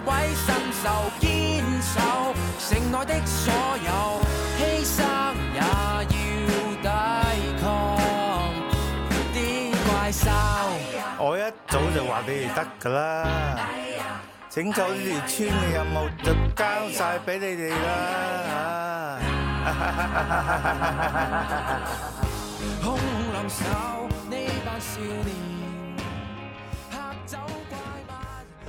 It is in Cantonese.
鬼身受，堅守城內的所有犧牲，也要抵抗啲怪獸。我一早就話俾你哋得噶啦，哎哎哎、請走呢條村嘅任務，哎、呀就交晒俾你哋啦。哎